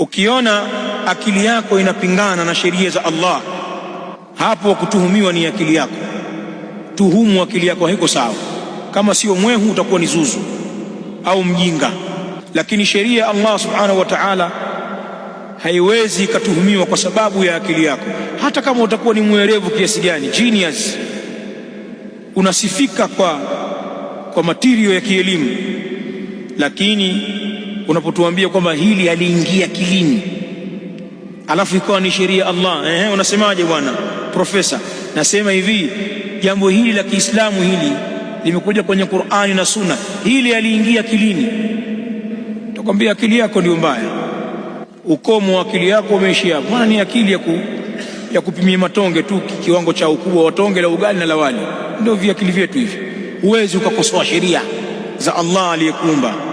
Ukiona akili yako inapingana na sheria za Allah, hapo kutuhumiwa ni akili yako. Tuhumu akili yako, haiko sawa. Kama sio mwehu, utakuwa ni zuzu au mjinga. Lakini sheria ya Allah subhanahu wa ta'ala haiwezi ikatuhumiwa kwa sababu ya akili yako, hata kama utakuwa ni mwerevu kiasi gani, genius, unasifika kwa, kwa matirio ya kielimu, lakini unapotuambia kwamba hili aliingia kilini alafu ikawa ni sheria Allah. Ehe, unasemaje bwana profesa? Nasema hivi, jambo hili la Kiislamu hili limekuja kwenye Qur'ani na Sunna, hili aliingia kilini Takwambia akili yako ndio mbaya, ukomo wa akili yako umeishia hapo. ni akili ya, ku, ya kupimia matonge tu, kiwango cha ukubwa wa tonge la ugali na la wali, ndio viakili vyetu hivi. Huwezi ukakosoa sheria za Allah aliyekuumba.